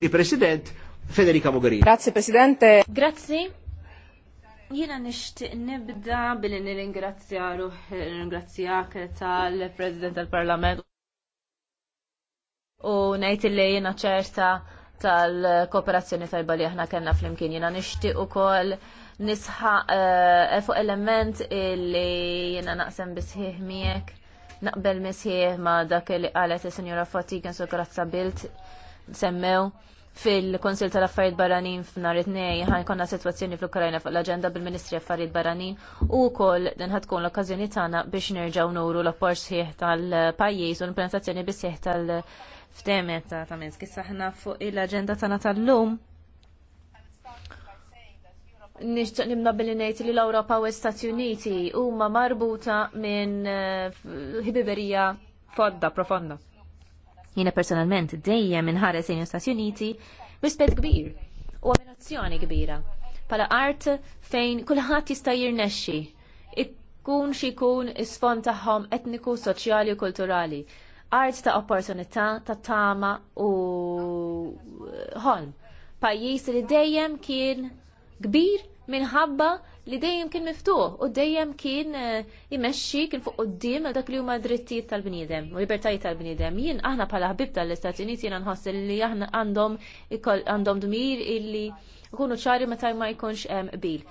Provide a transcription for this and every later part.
il-President Federica Mogherini. Grazie Presidente. Grazie. Jiena nixtieq nibda billi nir-ingrazzja ruħ ringrazzjak tal-President tal-Parlament u ngħid li jiena ċerta tal-kooperazzjoni tajba li aħna kellna flimkien jiena nixtieq ukoll nisħa eh, fuq element illi jiena naqsem bisħih miegħek naqbel misħieħ ma' dak li qalet is-Sinjura Fatigan su grazza Bilt semmew fil-Konsil tal-Affarijiet Barranin f'nar it tnejn ħan konna sitwazzjoni fl-Ukrajna fuq l-aġenda bil-Ministri Affarijiet Barranin u wkoll din ħad tkun l-okkażjoni tagħna biex nerġgħu nuru l-apport sħiħ tal-pajjiż u l-implementazzjoni sħiħ tal-ftemet ta' Minsk. Issa aħna fuq l-aġenda tagħna tal-lum nixtaq nimna billi ngħid li l-Ewropa u l-Istati Uniti huma marbuta minn eh, ħbiberija fodda profonda Jiena personalment dejjem inħares lejn l Uniti rispett kbir u ammirazzjoni kbira pala art fejn kulħadd jista' jirnexxi ikun jkun isfond tagħhom etniku, soċjali u kulturali. Art ta' opportunità, ta' tama u ħolm. Pajjiż li dejjem kien kbir minħabba li dejjem kien miftuħ u dejjem kien eh, imexxi kien fuq qudiem dak li huma drittijiet tal-bniedem u libertajiet tal-bniedem. Jien aħna bħala ħbib tal-Istati Uniti jiena nħossil li aħna għandhom għandhom dmir illi ikunu ċari meta ma jkunx hemm eh, qbil.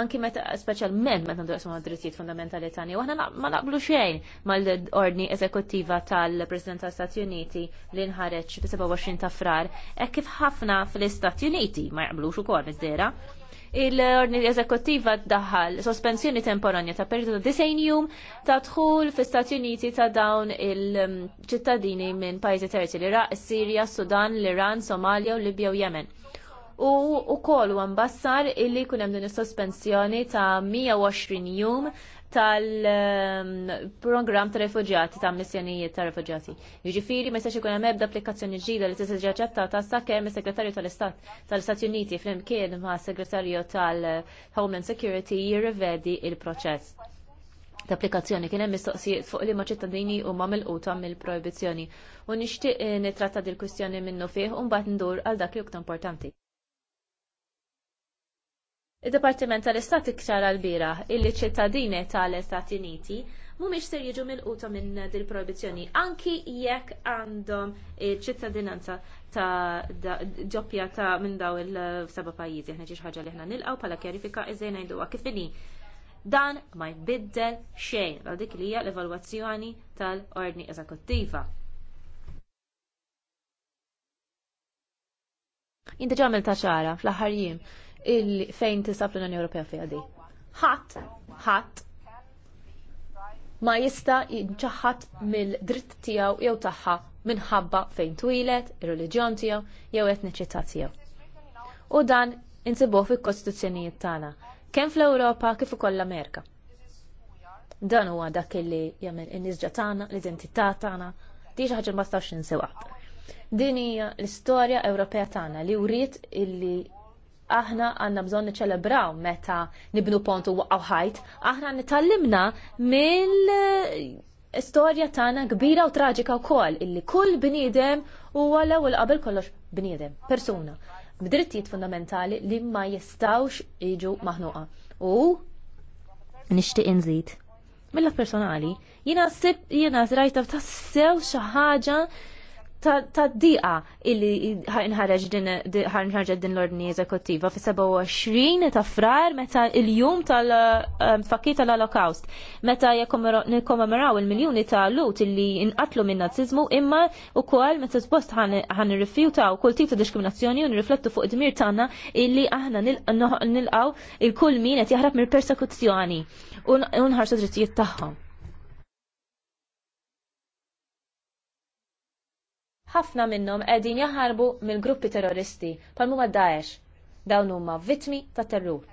Anki meta speċjalment meta ndu ma drittijiet fundamentali tani, u aħna ma naqblu xejn mal-ordni eżekuttiva tal-President tal-Stati Uniti li nħareġ fi 27 ta' frar, hekk kif ħafna fl-Istati Uniti ma jaqblux ukoll miż il-ordni eżekuttiva daħal sospensjoni temporanja ta' periodu ta' 90 jum ta' tħul fi Stati Uniti ta' dawn il-ċittadini minn pajjiżi terzi l-Iraq, Sirja, Sudan, l-Iran, Somalia u Libja u Yemen. U kol u ambassar illi kunem hemm din is-sospensjoni ta' 120 jum tal-program ta' refugjati ta' missjonijiet ta' refugjati. Jiġifieri ma jistax ikun hemm ebda applikazzjoni ġida li tista' ġaċċettata sakemm is-Segretarju tal-Istat tal-Istati Uniti flimkien ma' Segretarju tal-Homeland Security jirrivedi il-proċess ta' applikazzjoni kien hemm mistoqsijiet fuq li ma' ċittadini huma milquta mill-projbizzjoni u nixtieq eh, nitratta dil kwistjoni minnu fih u mbagħad ndur għal dak li jukta importanti id departiment tal-Istat iktar għal-bira illi ċittadini tal istat Uniti mhumiex ser jiġu milquta minn dil proibizzjoni anki jekk għandhom ċittadinanza ta' ġoppja ta' minn daw il-seba' pajjiżi. Ħna ġiex ħaġa li aħna nilqgħu bħala kjarifika iżej ngħiduha kif inhi dan ma jbiddel xejn għal dik li hija l-evalwazzjoni tal-ordni eżekuttiva. Inti ġamil ta' ċara fl-aħħar jiem Il fejn tisab l-Unjoni Ewropea fiha di. Ħadd, ħadd ma jista jinċaħħat mill-dritt tiegħu jew tagħha minħabba fejn twilet, ir-reliġjon tiegħu jew etniċità tiegħu. U dan insibuh fil-kostituzzjonijiet tagħna, kemm fl-Ewropa kif ukoll l-Amerika. Dan huwa dak li jagħmel in-niżġa tagħna, l-identità tagħna, xi ħaġa ma stax ninsewha. Din hija l-istorja Ewropea tagħna li wriet illi aħna għanna bżon niċelebraw meta nibnu pont u ħajt, aħna nitallimna mill istorja tagħna kbira u traġika wkoll illi kull bniedem u l qabel kollox bniedem, persuna b'drittijiet fundamentali li ma jistawx jiġu maħnuqa. U nixtieq inżid. Mill-personali, jiena sib jiena rajta ta' sew xi ħaġa ta' diqa illi ħanħarġ din l-ordni eżekuttiva fi 27 ta' frar meta il-jum tal-fakki ehm, tal-Holocaust. Meta nikkommemoraw il-miljoni ta' lut illi inqatlu minn nazizmu imma u kol meta spost ħan rifjutaw kull tip ta' diskriminazzjoni u nirriflettu fuq id-dmir tagħna illi aħna nilqaw il-kull min qed jaħrab mill-persekuzzjoni u nħarsu drittijiet tagħhom. ħafna minnhom qegħdin jaħarbu mill-gruppi terroristi bħal huma Daesh. Dawn huma vittmi ta' terrur.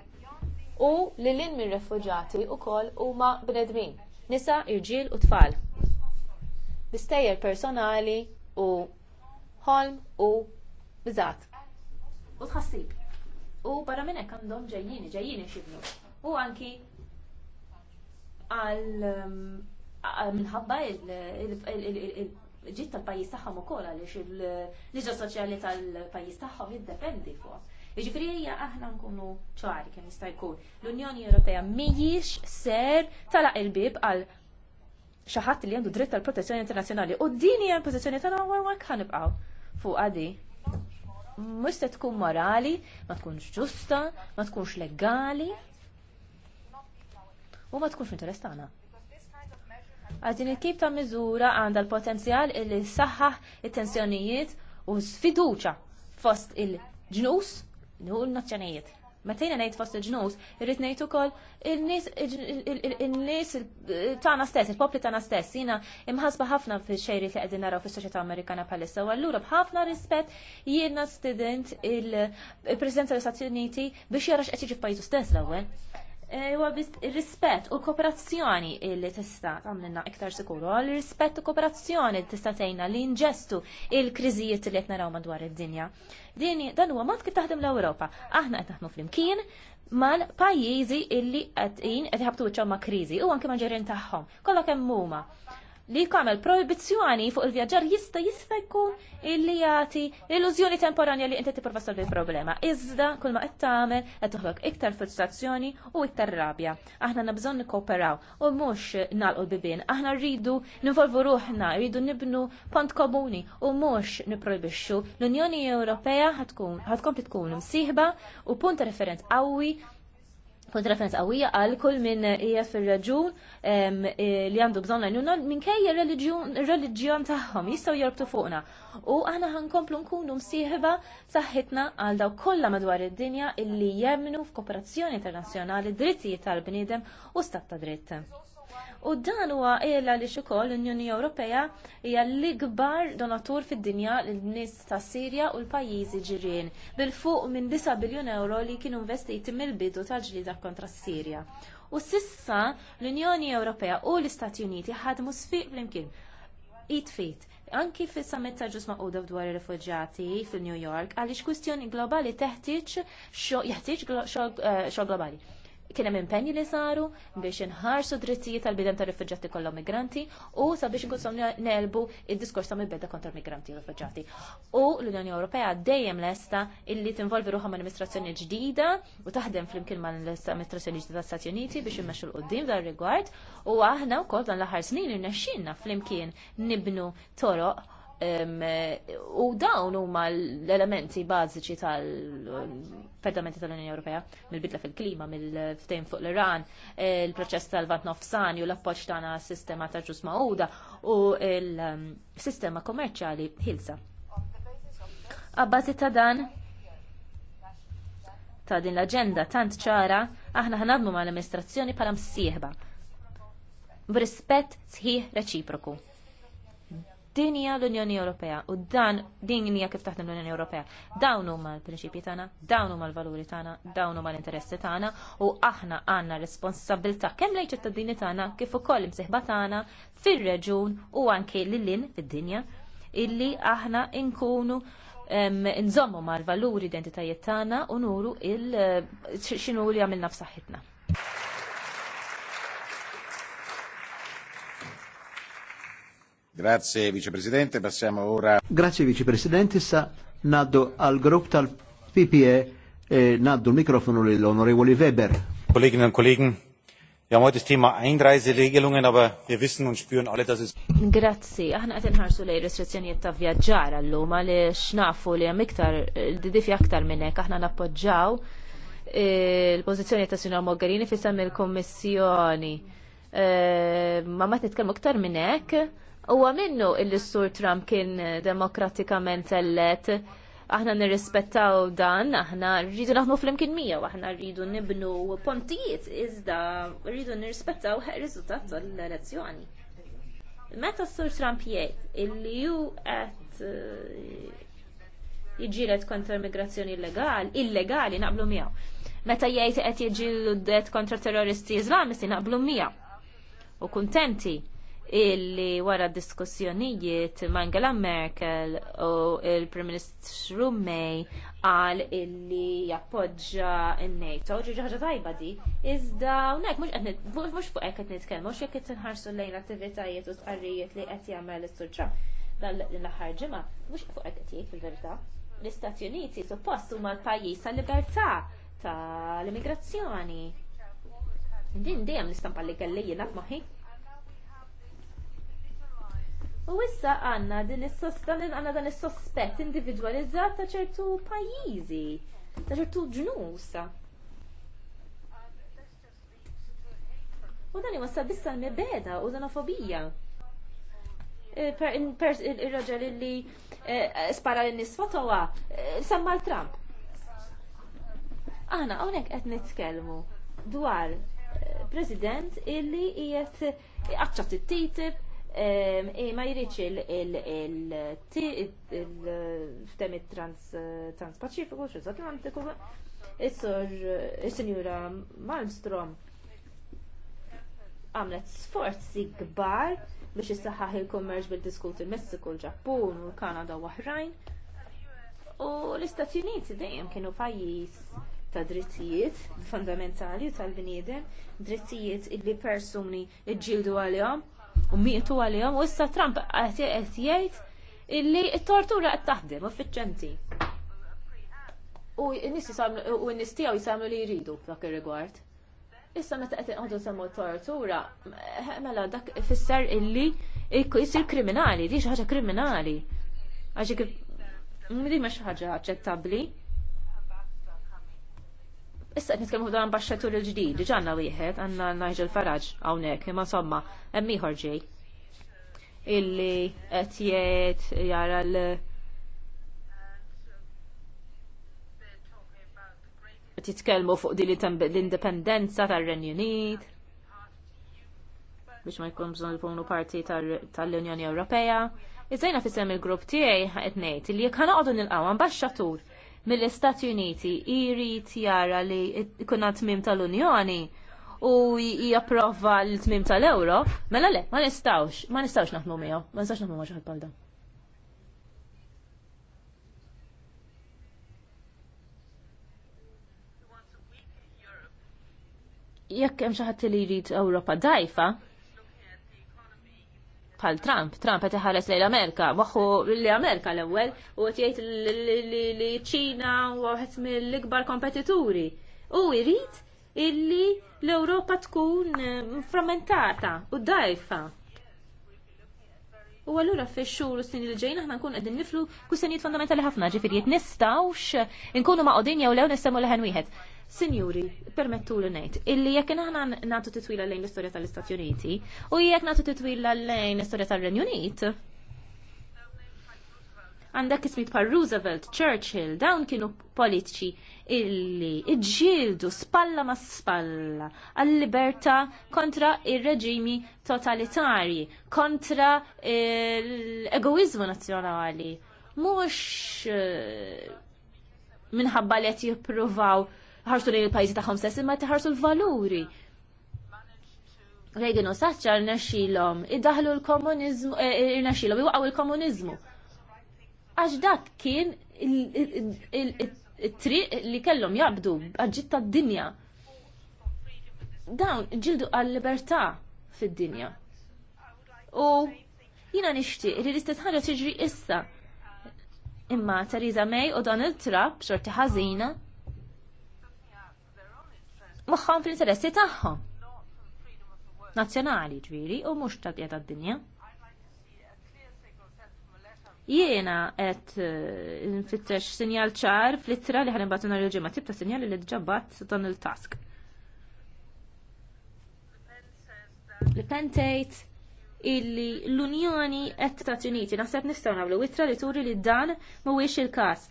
U li lin minn refuġjati wkoll huma bnedmin, nisa, irġiel u tfal. Bistejjer personali u ħolm u biżat. U tħassib. U barra minn hekk għandhom ġejjini, ġejjini ixibnu. U anki għal um, minħabba ġit tal-pajjiż tagħhom ukoll għaliex il-liġa soċjali tal-pajjiż tagħhom jiddependi fuq. Jiġifieri hija aħna nkunu ċari kemm jista' jkun. L-Unjoni Ewropea mhijiex ser talaq il-bib għal xi ħadd li għandu dritt tal-protezzjoni internazzjonali u din hija l-pożizzjoni tagħna warwek ħanibqgħu fuq għadi mhux se tkun morali, ma tkunx ġusta, ma tkunx legali u ma tkunx interess tagħna. Għal din kip tip ta' miżura għandha l-potenzjal illi saħħaħ it-tensjonijiet u sfiduċa fost il-ġnus u l-nazzjonijiet. Matejna nejt ngħid fost il-ġnus, irrid ngħid ukoll il nies tagħna stess, il-popli tagħna stess, jiena imħasba ħafna fix-xejri li qegħdin naraw fis-soċjetà Amerikana palissa, u allura b'ħafna rispett jiena student il-President tal-Istati Uniti biex jarax x'qed jiġi f'pajjiżu stess l-ewwel. Eh, huwa rispett u kooperazzjoni li tista' tagħmilna iktar sikuru, għal rispett u kooperazzjoni li tista' tgħinna li nġestu l kriżijiet li qed naraw madwar id-dinja. Din dan huwa mod kif taħdem l-Ewropa. Aħna qed naħdmu flimkien mal-pajjiżi illi qed qed ħabtu ma' kriżi u anke ma' ġerin tagħhom. Kollha kemm huma li kamel proibizzjoni fuq il-vjaġġar jista' jista' jkun illi jagħti illużjoni temporanja li inti tipprova solvi l-problema. Iżda kull ma qed tagħmel qed toħloq iktar frustrazzjoni u iktar rabja. Aħna nabżon bżonn nikkooperaw u mhux nagħlqu l-bibien. Aħna rridu nivolvu ruħna, rridu nibnu pont komuni u mhux nipprojbixxu. L-Unjoni Ewropea ħadkompli tkun msieħba u punt referent qawwi kont referenz qawwija għal kull minn hija fir-raġun e, li għandu bżonn minn minkejja il reliġjon tagħhom jistgħu jorbtu fuqna. U aħna ħankomplu nkunu msieħba saħħitna għal daw kollha madwar id-dinja illi jemmnu f'kooperazzjoni internazzjonali drittijiet tal-bniedem u stat ta' dritt u dan huwa qiegħla li ukoll l-Unjoni Ewropea hija l-ikbar donatur fid-dinja lin-nies tas Sirja u l-pajjiżi ġirien bil-fuq minn 9 biljun euro li kienu investiti mill-bidu tal-ġlida kontra s-Sirja. U sissa l-Unjoni Ewropea u l-Istati Uniti ħadmu sfiq flimkien it fit anki fis summit ta' ġusma Udaw dwar ir-refuġjati fil-New York għaliex kwistjoni globali teħtieġ xogħol eh, globali kien hemm impenji li saru biex inħarsu drittijiet tal-bidem ta' rifuġġati kollha migranti u sabiex nkun nelbu id-diskors ta' mibeda kontra migranti u rifuġġati. U l-Unjoni Ewropea dejjem lesta illi tinvolvi ruħha amministrazzjoni ġdida u taħdem flimkien ma' l-amministrazzjoni ġdida tas-Stati Uniti biex immexxu l-qudiem dar rigward u aħna wkoll dan l-aħħar snin irnexxinna flimkien nibnu toroq u dawn huma l-elementi bażiċi tal-pedamenti tal-Unjoni Ewropea mill-bidla fil-klima, mill-ftejn fuq l-Iran, il-proċess tal-vant nofsani u l-appoġġ tagħna sistema ta' ġus mawda u l-sistema kommerċjali ħilsa. Abbażi ta' dan ta' din l-aġenda tant ċara aħna ħnadmu mal-amministrazzjoni bħala msieħba b'rispett sħiħ reċiproku Din hija l-Unjoni Ewropea u dan din hija kif taħdem l-Unjoni Ewropea. Dawn huma l-prinċipji tagħna, dawn huma l-valuri tagħna, dawn huma l-interessi tagħna u aħna għandna responsabilità kemm lejn ċittadini tagħna kif ukoll imsieħba tagħna fir-reġun u anke lil-lin fid-dinja illi aħna nkunu nżommu mal valuri identitajiet tagħna u nuru il eh, xinu li għamilna f'saħħitna. Grazie Vicepresidente, passiamo ora. Grazie Vicepresidente, issa naddu al grupp tal-PPE e, e naddu l-mikrofonu l-Onorevoli Weber. Kolleginnen und Kollegen, Wir haben heute das Thema Einreiseregelungen, aber wir wissen und spüren alle, dass es... Grazie, aħna qed inħarsu lej restrizzjonijiet ta' vjaġġar allum għaliex nafu li hemm iktar didifi aktar minn hekk aħna nappoġġaw il-pożizzjoni e, ta' Sinor Mogherini fis il-Kommissjoni. E, ma ma titkellmu iktar minn hekk Huwa minnu il-Sur Trump kien eh, demokratikament ellet. aħna nirrispettaw dan, aħna rridu naħnu fl-imkien mija, aħna rridu nibnu pontijiet, iżda rridu nirrispettaw il-riżultat tal-elezzjoni. Meta s-sur Trump jgħid illi ju qed eh, jiġilet kontra immigrazzjoni illegali, illegali naqblu miegħu. Meta jgħid qed jiġilu det kontra terroristi Islamisti naqblu miegħu. U kuntenti illi wara diskussjonijiet ma' Angela Merkel u il-Prim Ministru May qal illi jappoġġa n-NATO, ġiġi ħaġa tajba di, iżda unek mhux fuq hekk qed nitkellmu, mhux jekk qed inħarsu lejn attivitajiet u tqarrijiet li qed jagħmel is-Sur dan l-aħħar ġimgħa, mhux fuq hekk qed jgħid fil-verità. L-Istati Uniti suppost huma l-pajjiż tal-libertà tal-immigrazzjoni. Din dejjem l-istampa li kelli jiena maħi. U issa għandna din is-sostan għandna dan is-sospett individwalizzat ta' ċertu pajjiżi, ta' ċertu ġnusa. U dan iwassal bissa l-mebeda u xenofobija. E, ir-raġel li e, spara lin nies fotowa, e, semma l-Trump. Aħna hawnhekk qed nitkellmu dwar president illi qiegħed aċċat it-TTIP, E ma jridx il-ftem trans-Pacifiku, xis-Atlantiku, e is-sor, e is-sinjura Malmstrom għamlet sforzi kbar biex issaħħaħ il-kommerċ bil-diskut il-Messiku, il-Ġappun, u l-Kanada u oħrajn. U l-Istati Uniti dejjem kienu pajjiż ta' drittijiet fundamentali tal-bniedem, drittijiet illi persuni ġildu għalihom u mietu għalihom u issa Trump qed jgħid illi t-tortura qed taħdem effiċjenti. U n-nies u n-nies tiegħu jisamlu li jridu f'dak ir-rigward. Issa meta qed inqogħdu semmu tortura, mela dak ifisser illi jsir kriminali, di xi ħaġa kriminali. Għaxi dik ma xi ħaġa aċċettabbli. Issa qed nitkellmu dan baxxatur il-ġdid, ġanna wieħed għandna Nigel Farage hawnhekk, imma somma hemm ieħor ġej illi qed jgħid jara l titkellmu fuq din l-indipendenza tar-Renju Unit biex ma jkun bżonn jkunu parti tal-Unjoni Ewropea. Iżajna fisem il-grupp tiegħi qed ngħid li jekk ħanoqogħdu nilqgħu ambaxxatur mill-Istati Uniti jrid jara li jkun tmim tal-Unjoni u japprova l-tmim tal-Euro, mela le, ma nistawx, ma nistawx naħmu miegħu, ma nistawx naħmu maġħal palda. bħal jekk hemm xi ħadd li jrid Ewropa dajfa, pal Trump, Trump qed iħares lejn Amerika, waħu li Amerika l-ewwel u qed jgħid li ċina waħed mill-ikbar kompetituri. U jrid illi l-Ewropa tkun eh, frammentata u dajfa. U għallura fi xhur u s-sini li ġejna ħna nkun għedin niflu kwistjonijiet fundamentali ħafna, ġifieri jitnistawx nkunu ma' qodin jew lew nistgħu leħen wieħed. Sinjuri, permettu li ngħid, illi jekk aħna nagħtu titwila lejn l-istorja tal-Istati Uniti u jekk nagħtu titwila lejn l-istorja tal-Renju Unit. Għandek ismit par Roosevelt, Churchill, dawn kienu politiċi illi iġildu spalla ma spalla għall-libertà kontra ir-reġimi totalitarji, kontra l-egoizmu nazzjonali. Mhux eh, minħabba li qed jippruvaw ħarsu li l-pajzi tagħhom stess imma tħarsu l-valuri. Reagan u r-naxilom, id iddaħlu l-komuniżmu eh, eh, naxilom iwaqgħu l-komuniżmu. Għax dak kien it-triq li kellhom jaqbdu ta' tad-dinja. Dawn ġildu għal-libertà fid-dinja. U jina nixtieq li l-istess ħaġa tiġri issa. Imma Theresa May u Donald Trump xorti ħażina moħħom fl-interessi tagħhom. Nazzjonali ġviri u mhux ta' d dinja Jiena qed eh, nfittex sinjal ċar fl-ittra li ħanibgħatu nhar il ġemma tibta sinjal li ġabbat dan il-task. Li tgħid illi l-Unjoni qed Stati Uniti naħseb nistgħu nagħmlu wittra li turi li dan mhuwiex il-każ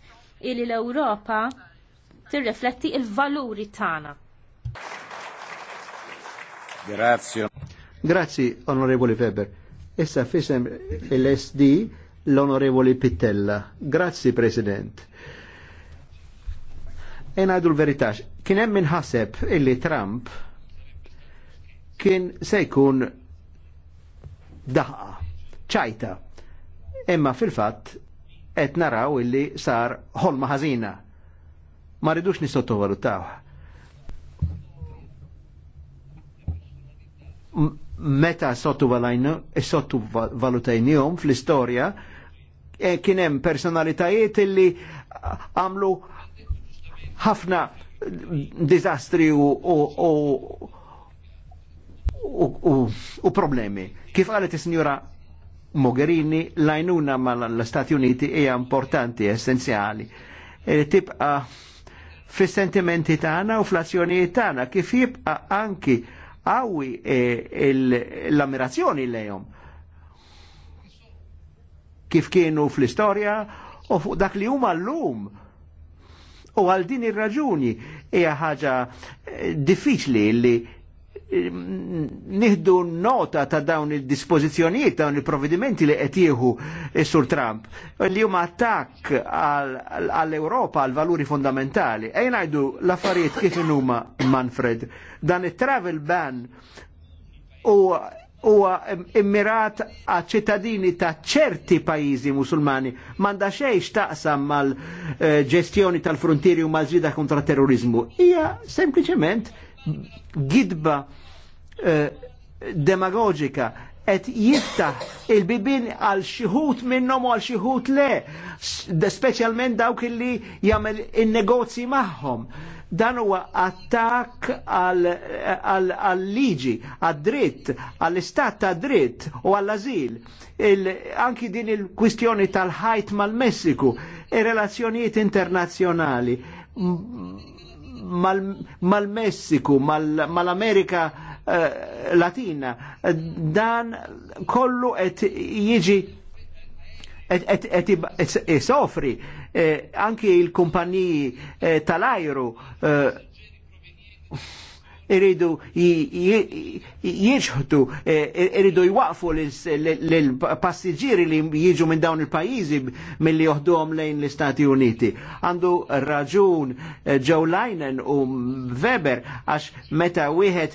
illi l-Ewropa tirrifletti il-valuri tagħna Grazie. Grazie, onorevoli Weber. Essa fisem l'SD, l'Onorevole l Grazie, Pittella. E President. Enajdu l-veritax, kien hemm minħaseb illi Trump kien se jkun daħqa, ċajta, imma fil-fatt qed naraw illi sar ħolma ħażina. Ma rridux nisottovalutaw meta sottu e sottu sottovalutajnijom fl-istoria, e kienem personalitajiet illi għamlu ħafna dizastri u, u, u, u problemi. Kif għalet il-Signora Mogherini, lajnuna mal-Stati Uniti hija importanti, essenziali. E tibqa fis-sentimenti tagħna u fl-azzjonijiet tagħna kif jibqa anki għawi e, l-ammirazzjoni lejhom. Kif kienu fl-istorja u fuq dak li huma l-lum. U għal din ir-raġuni hija ħaġa eh, diffiċli li nihdu nota ta' dawn il-dispozizjonijiet, dawn il-provvedimenti li qed jieħu eh, sur Trump, li huma attakk għall-Europa, għall-valuri fondamentali. Ejn ngħidu l-affarijiet kif huma Manfred, dan it-travel ban huwa immirat għal ċittadini ta' ċerti pajjiżi musulmani m'għandha xejn taqsam mal-ġestjoni eh, tal-frontieri u mal-ġida kontra terrorizmu. Hija sempliċement gidba eh, demagogika et jiftaħ il-bibin għal xiħut minnom u għal xiħut le, specialment dawk li jagħmel in-negozji magħhom. Dan huwa attak għal-liġi, għad-dritt, għall-istat ta' dritt u għall-azil. Anki din il-kwistjoni tal-ħajt mal-Messiku, ir-relazzjonijiet internazzjonali mal-Messiku, mal-Amerika eh, Latina. Dan kollu et jiġi et jisofri eh, anki il kumpanji eh, tal-ajru iridu jieġħtu, e, e, iridu jwaqfu l-passiġiri li jiġu minn dawn il-pajizi mill-li joħduhom lejn l-Istati Uniti. Għandu raġun e, Joe Leinen u Weber għax meta wieħed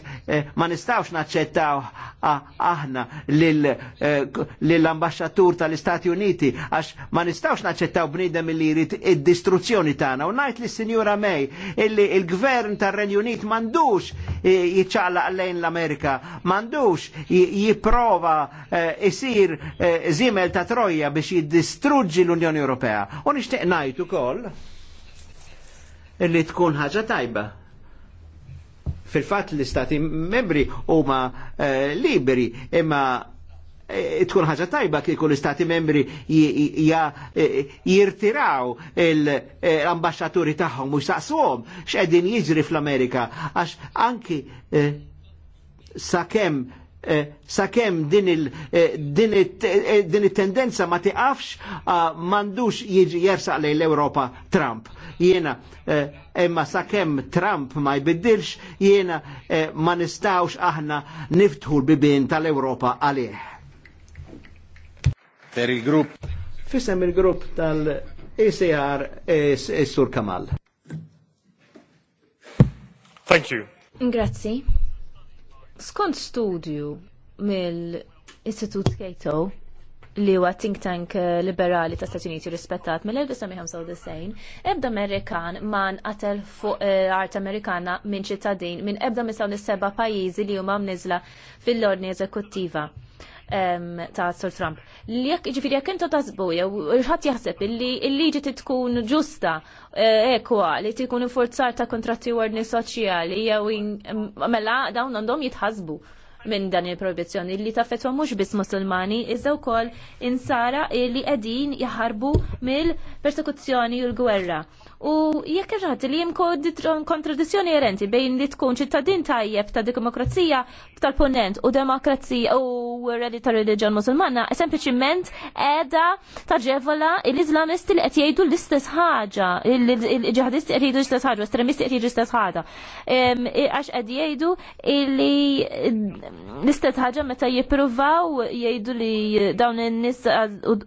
ma nistawx naċċettaw aħna lill-ambasċatur tal-Istati Uniti għax ma nistawx naċċettaw bnidem li jrid id-distruzzjoni tagħna u ngħid li sinjura May illi il-Gvern tar-Renju Unit m'għandux jiċċaqlaq għallejn l-Amerika. Mandux jiprova jisir eh, zimel eh, ta' Troja biex jiddistruġġi l-Unjoni Ewropea. U nixtieq ngħid ukoll li tkun ħaġa tajba fil-fat l-istati membri u ma eh, liberi imma Eh, tkun ħaġa tajba kif l-istati membri eh, jirtiraw l-ambasċaturi eh, tagħhom u jistaqsuhom x'qegħdin jiġri fl-Amerika għax anki sakemm sakemm din it-tendenza ma tiqafx ah, m'għandux jiġi jersaq lejn l-Ewropa Trump. Jiena imma sakemm Trump ma jbiddilx jiena ma nistgħux aħna niftħu l-bibien tal-Ewropa għalih. Per il-grupp. Fissem il-grupp tal-ECR e, e Sur Kamal. Thank you. Grazzi. Skont studju mill-Istitut Cato li huwa think tank eh, liberali ta' Stati Uniti rispettat mill-1995, ebda Amerikan ma nqatel fuq eh, art Amerikana minn ċittadin minn ebda minn dawn is-seba' pajjiżi li huma mniżla fil-ordni eżekuttiva ta' Sir Trump. Jekk ġifieri jekk intu tasbu jew ħadd jaħseb li l-liġi tkun ġusta eh, ekwa li tkun infurzar ta' kontratti ordni soċjali jew mela dawn għandhom jitħasbu minn dan il-proibizjoni li taffetwa mhux biss musulmani iżaw kol insara li qegħdin jaħarbu mill-persekuzzjoni u l-gwerra. U jekk irrati li jimko kontradizzjoni erenti bejn li tkun ċittadin tajjeb ta' demokrazija tal-ponent u demokrazija u redi ta' religjon musulmana, sempliciment edha taġevola l-Islamisti li qed jgħidu l-istess ħaġa, il-ġihadisti qed jgħidu l-istess ħaġa, l-estremisti qed jgħidu l-istess ħaġa. Għax qed jgħidu li l-istess ħaġa meta jippruvaw jgħidu li dawn in-nies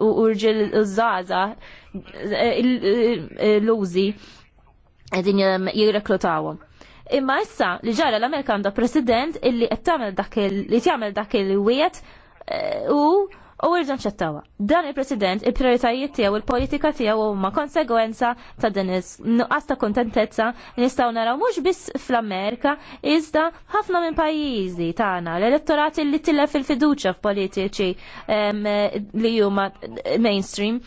u rġil żgħażagħ l-użi din jirreklutawhom. Imma issa li ġara l-Amerika għandha president illi qed tagħmel dak li tagħmel dak il-wiet eh, u u irġan ċettawa. Dan il-President, il-prioritajiet tiegħu il-politika tiegħu huma konsegwenza ta' din nuqqas ta' kontentezza nistgħu naraw mhux biss fl-Amerika iżda ħafna minn pajjiżi tagħna l-elettorati li tillef il-fiduċja f'politiċi li huma mainstream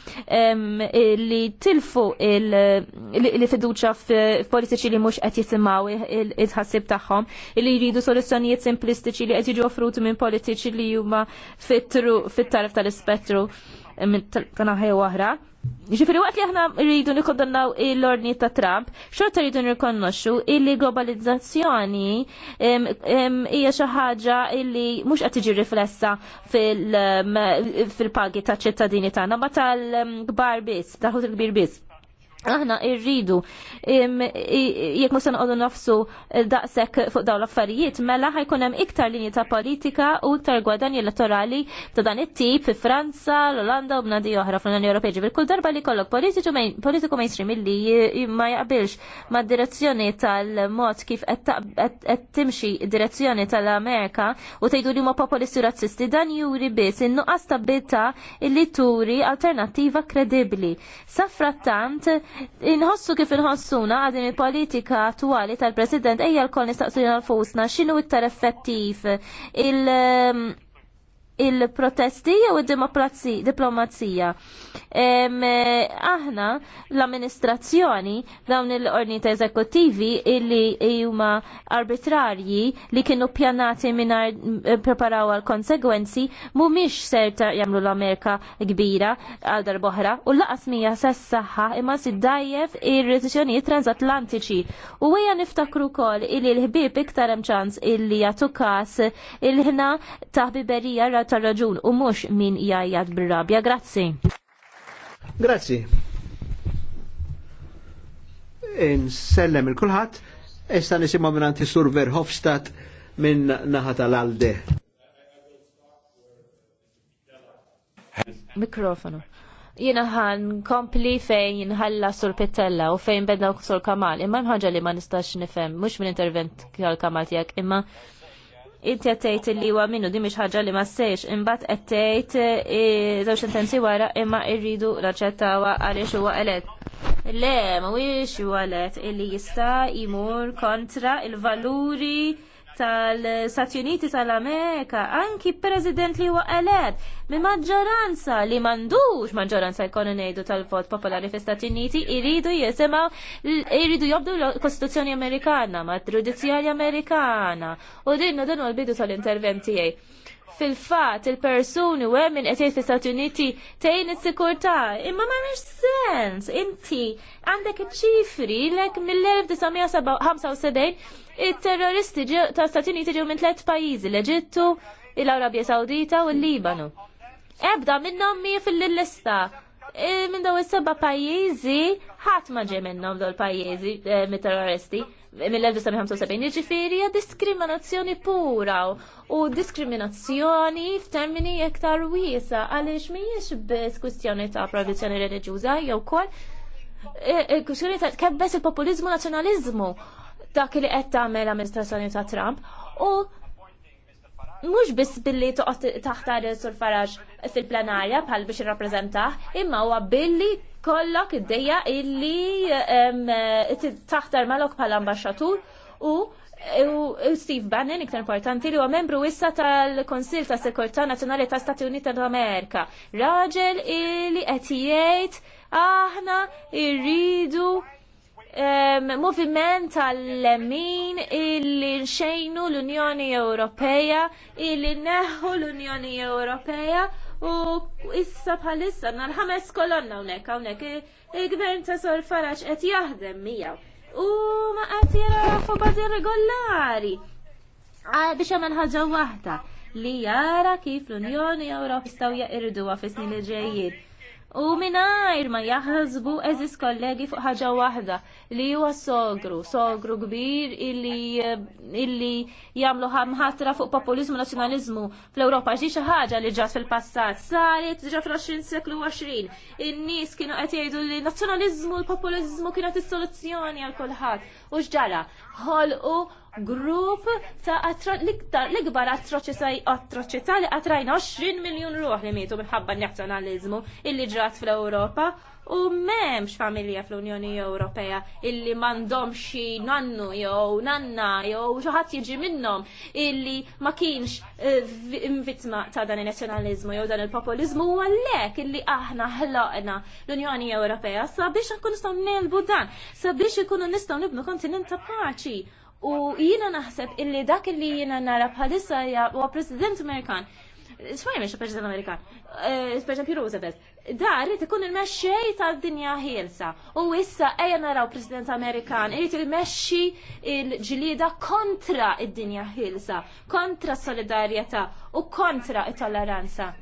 li tilfu il-fiduċja f'politiċi li mhux qed jisimgħu il-ħassib tagħhom li jridu soluzzjonijiet simplistiċi li qed jiġu offruti minn politiċi li huma fit-tru fit tarif tal-ispettru tal-naħja oħra. Ġifiri, waqt li aħna rridu nikondannaw l-ordni ta' Trump, xorta rridu nirkonnoxxu illi globalizzazzjoni hija xi ħaġa illi mhux qed tiġi riflessa fil-pagi ta' ċittadini tagħna ma tal-kbar biss, tal-ħut il-kbir biss aħna irridu jekk mhux se noqogħdu nafsu daqshekk fuq dawn l-affarijiet mela ħajkun hemm iktar linji ta' politika u iktar gwadanji elettorali ta' dan it-tip fi Franza, l-Olanda u bnadi oħra fl-Unjoni Ewropea ġibil kull darba li kollok politiku mainstream illi ma jaqbilx ma' direzzjoni tal-mod kif qed timxi direzzjoni tal-Amerika u tgħidu li huma populisti razzisti dan juri biss in-nuqqas ta' bidta illi turi alternattiva kredibbli. Sa frattant Inħossu kif inħossuna għadin il-politika attuali tal-President ejja l-kol nistaqsu l-fusna xinu iktar effettiv il- um, il-protesti jew id-diplomazija. Aħna l-amministrazzjoni dawn il ornita ta' eżekutivi illi huma arbitrarji li kienu pjanati minar eh, preparaw għal konsegwenzi mhumiex ser jagħmlu l-Amerika kbira għal darboħra u laqas mija sessaħħa imma siddajjef ir-reżizzjonijiet transatlantiċi. U hija niftakru wkoll illi l-ħbieb iktar ċans illi jatukas każ il-ħna ta' ta' raġun u mhux min jajjad bir-rabja. Grazzi. Grazzi. Insellem il-kulħadd, issa nisimgħu minn Sur Verhofstadt minn naħa tal-Alde. Mikrofonu. Jina ħan kompli fejn ħalla sur Pittella u fejn bedna sur Kamal, imma mħagġa li ma nistax nifem, mux minn intervent għal Kamal tijak, imma inti għattejt li huwa minnu di miex ħaġa li ma sejx, imbat għattejt eh, zewċ sentenzi wara imma irridu raċettawa għalix huwa għalet. Le, ma wiex huwa għalet illi jista' jimur kontra il-valuri tal sazzjoniti Uniti tal-Amerika, anki president li huwa elet, minn maġġoranza li m'għandux maġġoranza jkunu ngħidu tal-vot popolari fl-Stati Uniti iridu jisimgħu iridu jobdu l-Kostituzzjoni Amerikana ma' tradizjoni Amerikana. U dinna dan huwa l-bidu tal interventi tiegħi fil-fat il-persuni u għemmin għetiet fi stati Uniti tejn il-sikurta. Imma ma nix sens, inti għandek ċifri l-ek mill-1975 Il-terroristi ta' Stati Uniti ġew minn tliet pajjiżi, l-Eġittu, l-Arabja Sawdita u l-Libanu. Ebda minnhom mi fil-lista e, minn daw is-seba' pajjiżi ħadd ma ġej minnhom dawn pajjiżi e, mit-terroristi mill-1975 jiġifieri hija diskriminazzjoni pura u diskriminazzjoni f'termini iktar wiesa għaliex mhijiex biss kwistjoni ta' proibizzjoni reliġjuża jew ukoll kwistjoni ta' kebbes il-populizmu nazzjonaliżmu dak li qed tagħmel l-amministrazzjoni ta' Trump u mhux biss billi toqgħod taħtar sur Farage fil-plenarja bħal biex irrappreżentah, imma huwa billi kollok id-dejja illi taħtar malok bħal ambaxxatur u Steve Bannon, iktar importanti, li huwa membru issa tal-Konsil ta' Sekurtà Nazzjonali ta' Stati Uniti ta' Amerika. Raġel illi qed jgħid aħna irridu moviment tal-lemin illi nxejnu l-Unjoni Ewropea, illi neħu l-Unjoni Ewropea u issa bħalissa nar ħames kolonna unek, unek, il-gvern ta' sol faraċ et jahdem mija U ma' għat jara regolari irregolari. Biex għaman ħagġa wahda li jara kif l-Unjoni Ewropeja istaw jaqirduwa fis-snin li ġejjin U mingħajr ma jahazbu eżis kollegi fuq ħaġa waħda li huwa sogru, sogru kbir illi illi jagħmlu ħatra fuq populizmu nazzjonaliżmu fl-Ewropa ġi xi ħaġa li ġat fil-passat saret ġa fl-20 seklu 20. In-nies kienu qed jgħidu li nazzjonaliżmu l-populiżmu kienet is-soluzzjoni għal kulħadd. U x'ġala ħolqu grupp ta' l-ikbar atroċità li qatrajna 20 miljon ruħ li mietu minħabba n nazjonalizmu illi ġrat fl-Ewropa u m'hemmx familja fl-Unjoni Ewropea illi m'għandhom xi nannu jew nanna jew xi ħadd jiġi minnhom illi ma kienx eh, vittma ta' dan il-nazzjonaliżmu jew dan il-populizmu u għalhekk illi aħna ħloqna l-Unjoni Ewropea sabiex nkun nistgħu nelbu dan, sabiex ikunu nistgħu nibnu kontinent ta' paċi. U jiena naħseb illi dak illi jiena nara bħalissa huwa President Amerikan Xmajja meċa president Amerikan, eh, per esempio Roosevelt, dar rrit ikun il mesċej tal-dinja ħielsa. U issa eja naraw president Amerikan irrit il mesċi il-ġlieda kontra id-dinja ħielsa, kontra solidarjetà u kontra it-tolleranza.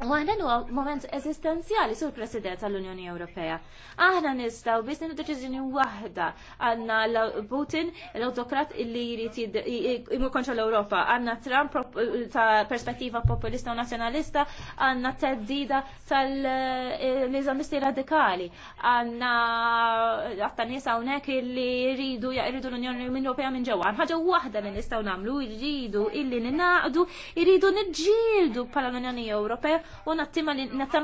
U aħna huwa moment eżistenzjali sur President tal-Unjoni Ewropea. Aħna nistgħu biss nieħdu deċiżjoni waħda għandna Putin l-autokrat li jrid jimu kontra l-Ewropa, għandna Trump ta' perspettiva populista u nazzjonalista, għandna teddida tal nizamisti radikali, għandna għatta nies hawnhekk li jridu jridu l-Unjoni Ewropea minn ġewwa. Ħaġa waħda li nistgħu nagħmlu, jridu illi ninaqdu, jridu niġġieldu bħala l-Unjoni Ewropea u nattima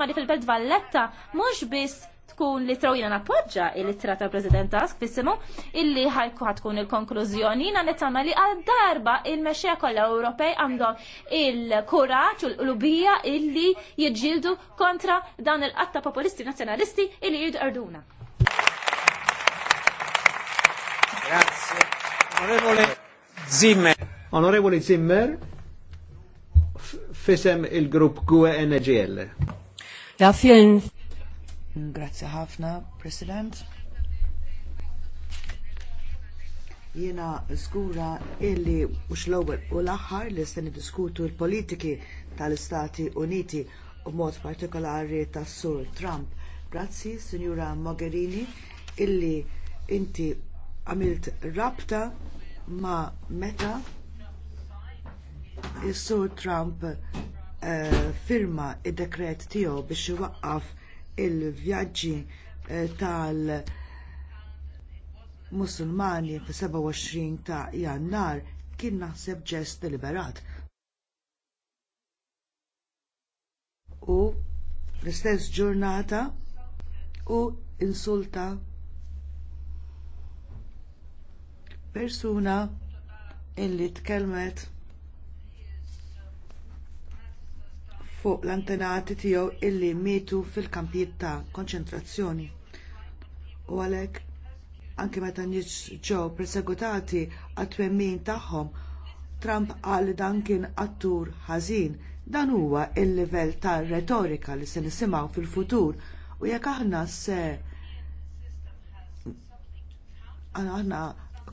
li fil-Belt Valletta mhux biss tkun li trawina nappoġġa il-ittra ta' president Tusk fissimu illi ħajku ħatkun il-konklużjoni na nittama li għal darba il-mexxija kollha Ewropej għandhom il-kuraġġ u l-qlubija illi jiġġieldu kontra dawn il-qatta populisti nazzjonalisti illi jridu erduna. Grazie. Onorevole Zimmer. Onorevole Zimmer fisem il-grupp GUE NGL. Ja, Grazie ħafna, President. Jiena skura illi mhux l-ewwel u l-aħħar li se niddiskutu l-politiki tal-Istati Uniti u mod partikolari tas-Sur Trump. Grazzi, Signora Mogherini, illi inti għamilt rabta ma meta Is-Sur Trump uh, firma id-dekret tiegħu biex iwaqqaf il-vjaġġi uh, eh, tal- Musulmani fi 27 ta' Jannar kien naħseb ġest deliberat. U l-istess ġurnata u insulta persuna illi tkellmet fuq l-antenati tiegħu illi mietu fil-kampijiet ta' konċentrazzjoni. U għalhekk anke meta nies ġew persegutati għat-twemmin tagħhom, Trump qal dan kien attur ħażin. Dan huwa l livell ta' retorika li se nisimgħu fil-futur u jekk aħna se aħna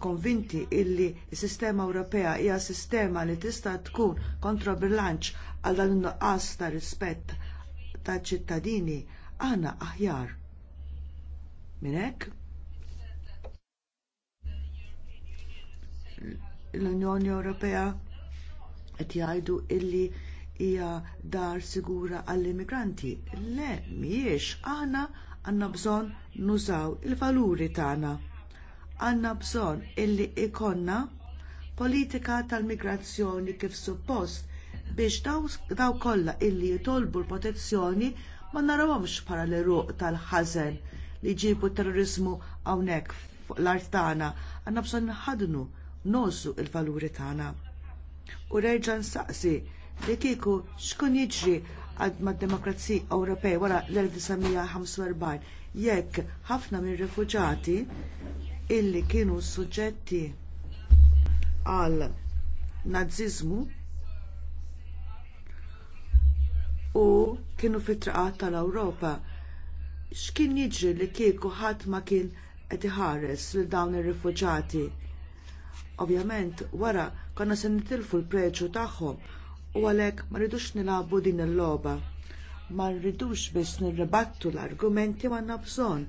konvinti illi s-sistema Ewropea hija sistema li tista' tkun kontra bilanċ għal dan nuqqas ta' rispett ta' ċittadini għana aħjar. Minn hekk? l-Unjoni Ewropea qed jgħidu illi hija dar sigura għall-immigranti. Le, mhijiex aħna għandna bżonn nużaw il-valuri tagħna. Għandna bżonn illi ikonna politika tal-migrazzjoni kif suppost biex daw kollha illi jitolbu l-protezzjoni ma narawhomx bħala l-eruq tal-ħażen li jġibu t terrorizmu hawnhekk fuq l-art tagħna għandna bżonn nħadnu nosu l valuri tagħna. U reġa' nsaqsi li kieku xkun jiġri għad mad-demokrazija Ewropej wara l-1945 jekk ħafna minn rifuġati illi kienu suġġetti għal naziżmu u kienu fit-traqat tal-Ewropa. X'kien jiġri li kieku ħadd ma kien qed iħares lil dawn ir-rifuġati. Ovvjament wara konna se nitilfu l preġu tagħhom u għalhekk ma rridux nilagħbu din il-logħba. Ma rridux biss nirribattu l-argumenti ma għandna bżonn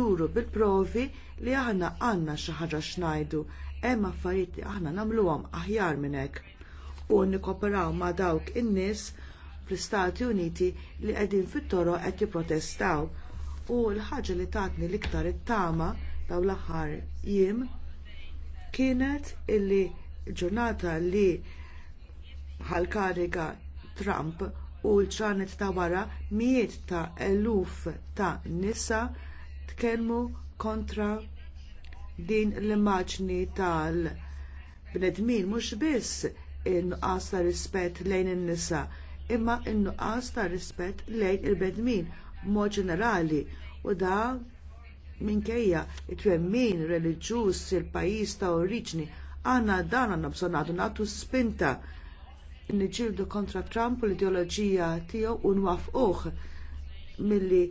nuru bil-provi li aħna għandna xi ħaġa x'ngħidu hemm affarijiet li aħna nagħmluhom aħjar minn hekk u nikkoperaw ma' dawk in-nies fl-Istati Uniti li qegħdin fit-toro qed jipprotestaw. U l-ħaġa li tatni l-iktar it-tama daw l-aħħar jiem kienet illi ġurnata li ħalkariga Trump u l-ċanet ta' wara mijiet ta' eluf ta' nisa tkellmu kontra din l-immaġni tal-bnedmin mhux biss in-nuqqas rispett lejn in-nisa imma n-nuqqas ta' rispett lejn il-bedmin b'mod ġenerali u dan minkejja it-twemmin reliġjuż il-pajjiż ta' oriġni għandna dan għandna bżonn nagħtu spinta niġġieldu kontra Trump u l-ideoloġija tiegħu u nwafquh milli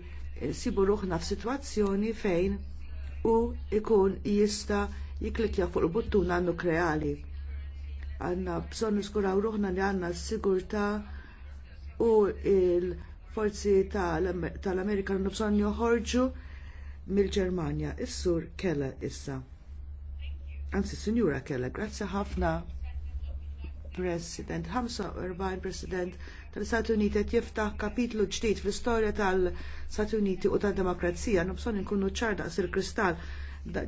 sibu ruħna f'sitwazzjoni fejn u jkun jista' jiklikja fuq il-buttuna nukleari. Għandna bżonn niskuraw ruħna li għandna s-sigurtà u l forzi tal-Amerika għandhom bżonn joħorġu mill-Ġermanja. Is-sur Kella issa. Anzi, Sinjura Kella, grazzi ħafna President, 45 President tal-Stati Uniti qed jiftaħ kapitlu ġdid fl-istorja tal-Stati Uniti u tad-demokrazija. Nobson inkunu ċar daqs il-kristall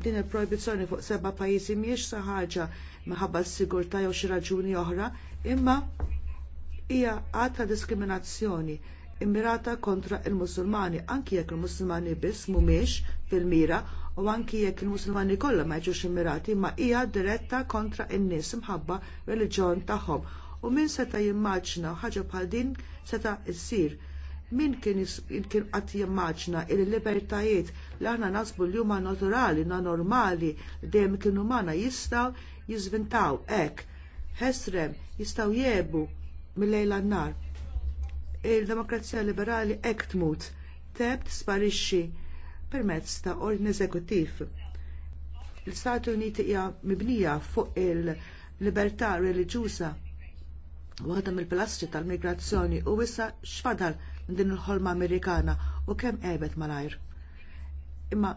din il-proibizzjoni fuq seba' pajjiżi mhijiex xi ħaġa minħabba s-sigurtà jew xi raġuni oħra, imma hija għad ta' diskriminazzjoni immirata kontra l musulmani anki jekk il-Musulmani biss mhumiex fil-mira u anki jekk il-Musulmani kollha ma jiġux immirati ma hija diretta kontra n-nies imħabba reliġjon tagħhom. U min seta' jimmaġina ħaġa bħal din seta' issir. Min kien kien qatt jimmaġina il libertajiet li aħna nasbu li huma naturali, na normali, dejjem kienu magħna jistgħu jiżvintaw hekk ħesrem jistgħu jebu mill lejl n-nar. Il-demokrazija liberali hekk tmut, tebt sparixxi permezz ta' ordin eżekuttiv. L-Stati Uniti hija mibnija fuq il-libertà reliġjuża waħda mill-pilastri tal-migrazzjoni u issa xfadal minn din il-ħolma Amerikana u kemm qebet malajr. Imma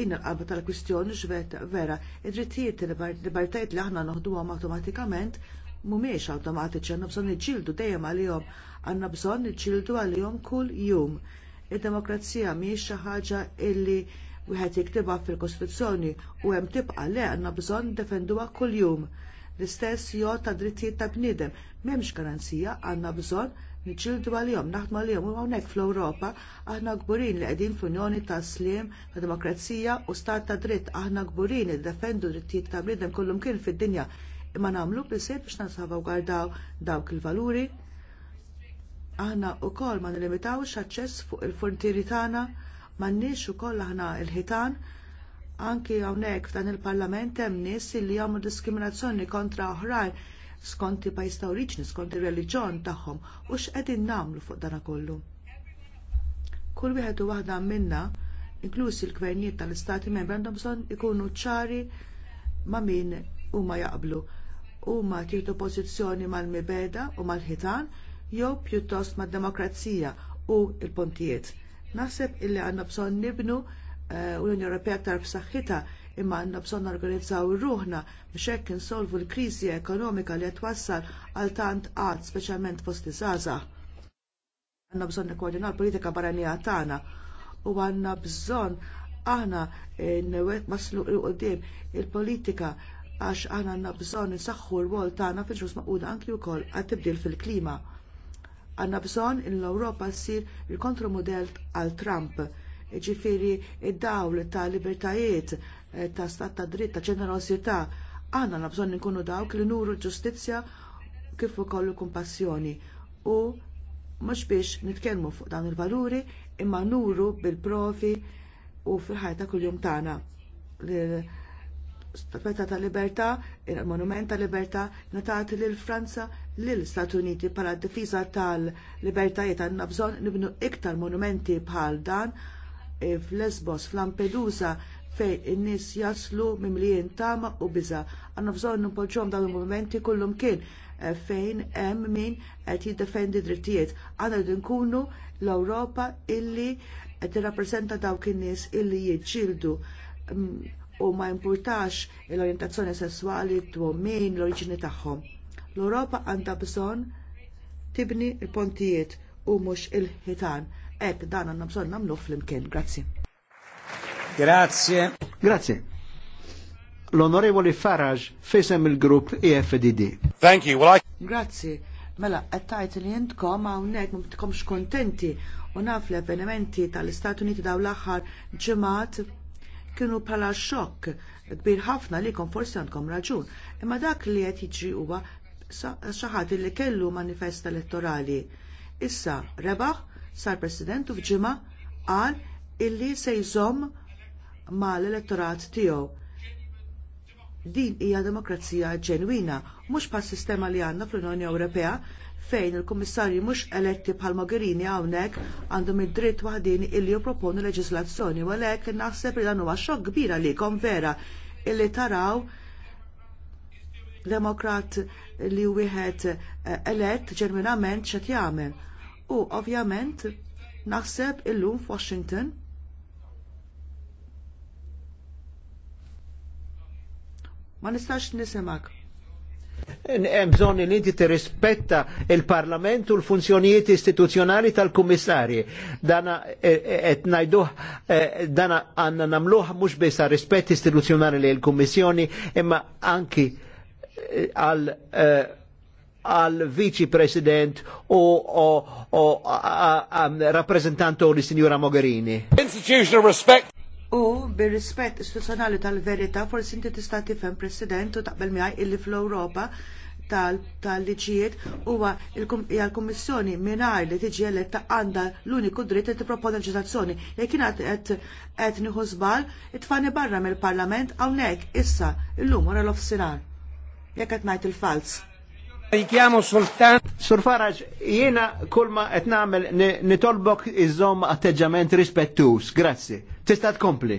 din il-qalba tal-kwistjoni x'vet vera, id-drittijiet libertajiet li aħna noħduhom awtomatikament mumiex awtomatiċi għandna bżonn niġġieldu dejjem għalihom għandna bżonn niġġieldu għalihom kull jum. Id-demokrazija mhijiex xi ħaġa illi wieħed jiktibha fil-Kostituzzjoni u hemm tibqa' le għandna bżonn defenduha jum. L-istess jgħod ta' drittijiet ta' bniedem m'hemmx garanzija għandna bżonn niġġieldu għalihom, naħdmu għalihom u hawnhekk fl-Ewropa aħna kburin li qegħdin fl-Unjoni ta' Slim ta' Demokrazija u Stat ta' Dritt aħna kburin li defendu drittijiet ta' bniedem kollum kien fid-dinja imma nagħmlu biżejjed biex nasavawgardaw dawk il-valuri. Aħna wkoll ma nilimitaw aċċess fuq il-frontieri tagħna m'għandniex ukoll aħna l-ħitan anki hawnhekk f'dan il-Parlament hemm nis li jagħmlu diskriminazzjoni kontra oħrajn skont pajis ta' oriġni, skont ir-reliġjon tagħhom u x'qegħdin nagħmlu fuq dan kollu. Kull wieħed u waħda minna inklusi l-gvernijiet tal-istati membri għandhom bżonn ikunu ċari ma' min huma jaqblu huma tieħdu pożizzjoni mal-mibeda u mal-ħitan jew pjuttost mad-demokrazija u l-pontijiet. Naħseb illi għandna bżonn nibnu l-Unjoni eh, Ewropea aktar b'saħħitha imma għandna bżonn organizzaw ruħna biex hekk insolvu l-kriżi ekonomika li qed wassal għal tant qatt speċjalment fost iż-żgħażagħ. Għandna bżonn nikkoordinaw l-politika barranija tagħna u għandna bżonn aħna waslu il quddiem il-politika għax aħna għandna bżonn insaħħu r-wol tagħna fil-ġus maquda anki wkoll għat-tibdil fil-klima. Għandna bżonn in l-Ewropa ssir il-kontromodell għal Trump, ġifiri id-dawl ta' libertajiet, eh, ta' stat ta' dritt, ta' ġenerosità. Aħna għandna bżonn inkunu dawk li nuru ġustizzja kif ukoll kumpassjoni u mhux biex nitkellmu fuq dawn il-valuri imma nuru bil-profi u fil-ħajta kuljum tagħna statuetta ta' libertà, il-monument ta' libertà, natati lil Franza lil Stati Uniti bħala difiża tal-libertajiet għandna bżonn nibnu iktar monumenti bħal dan eh, f'Lesbos, f'Lampedusa fejn in-nies jaslu mimlijin tama u biża. Għandna bżonn nipoġġhom dawn il-monumenti kullum kien eh, fejn hemm min qed jiddefendi drittijiet. din nkunu l-Ewropa illi qed tirrappreżenta dawk in-nies illi jiġġieldu mm, u ma jimpurtax l-orientazzjoni sesswali t-twommin l-oriġini tagħhom. L-Ewropa għandha bżonn tibni l pontijiet u mhux il-ħitan. Hekk dan għandna bżonn nagħmluh flimkien. Grazzi. Grazie. Grazzi. L-Onorevoli Farage fisem il-grupp EFDD. Thank you. Well, I... Grazzi. Mela, għattajt li jentkom għawnek mumtkomx kontenti u naf l-avvenimenti tal-Istat Uniti daw l-axar ġemat kienu bħala xokk kbir ħafna li kom forsi għandkom raġun. Imma dak li qed jiġri huwa xi ħadd li kellu manifest elettorali. Issa rebaħ sar President u f'ġimgħa qal illi se jżomm mal-elettorat tiegħu din hija demokrazija ġenwina, mhux pa' sistema li għandna fl-Unjoni Ewropea fejn il-Kummissarji mhux eletti bħal Mogherini hawnhekk għandhom id-dritt waħdin illi jipproponu leġislazzjoni u għalhekk naħseb li dan huwa xokk kbir għalikom vera illi taraw demokrat li wieħed eh, elett ġerminament xed jagħmel. U ovvjament naħseb illum f'Washington ma nistax nisimak hemm bżonn li inti tirrispetta il-Parlament u l-funzjonijiet istituzzjonali tal-Kummissarji. Dana qed e, ngħiduh e, dana għandna nagħmluh mhux biss rispett istituzzjonali lil kummissjoni imma anki e, għal għal viċi president u rappresentantu li sinjura Mogherini. Institutional respect. U bir-rispett istituzzjonali tal-verità forsi inti tista' tifhem President u taqbel miegħi illi fl-Ewropa tal-liġijiet huwa l-Kummissjoni mingħajr li tiġi eletta għandha l-uniku dritt li tipproponi leġiżlazzjoni. Jekk kien qed nieħu żball, itfani barra mill-Parlament hawnhekk issa illum wara l-ofsinhar. Jekk qed ngħid il-fals. Richiamo sultan. Sur Faraġ, jena kolma qed nagħmel nitolbok iżomm atteġġament rispettuż. Grazzi. Tista' tkompli.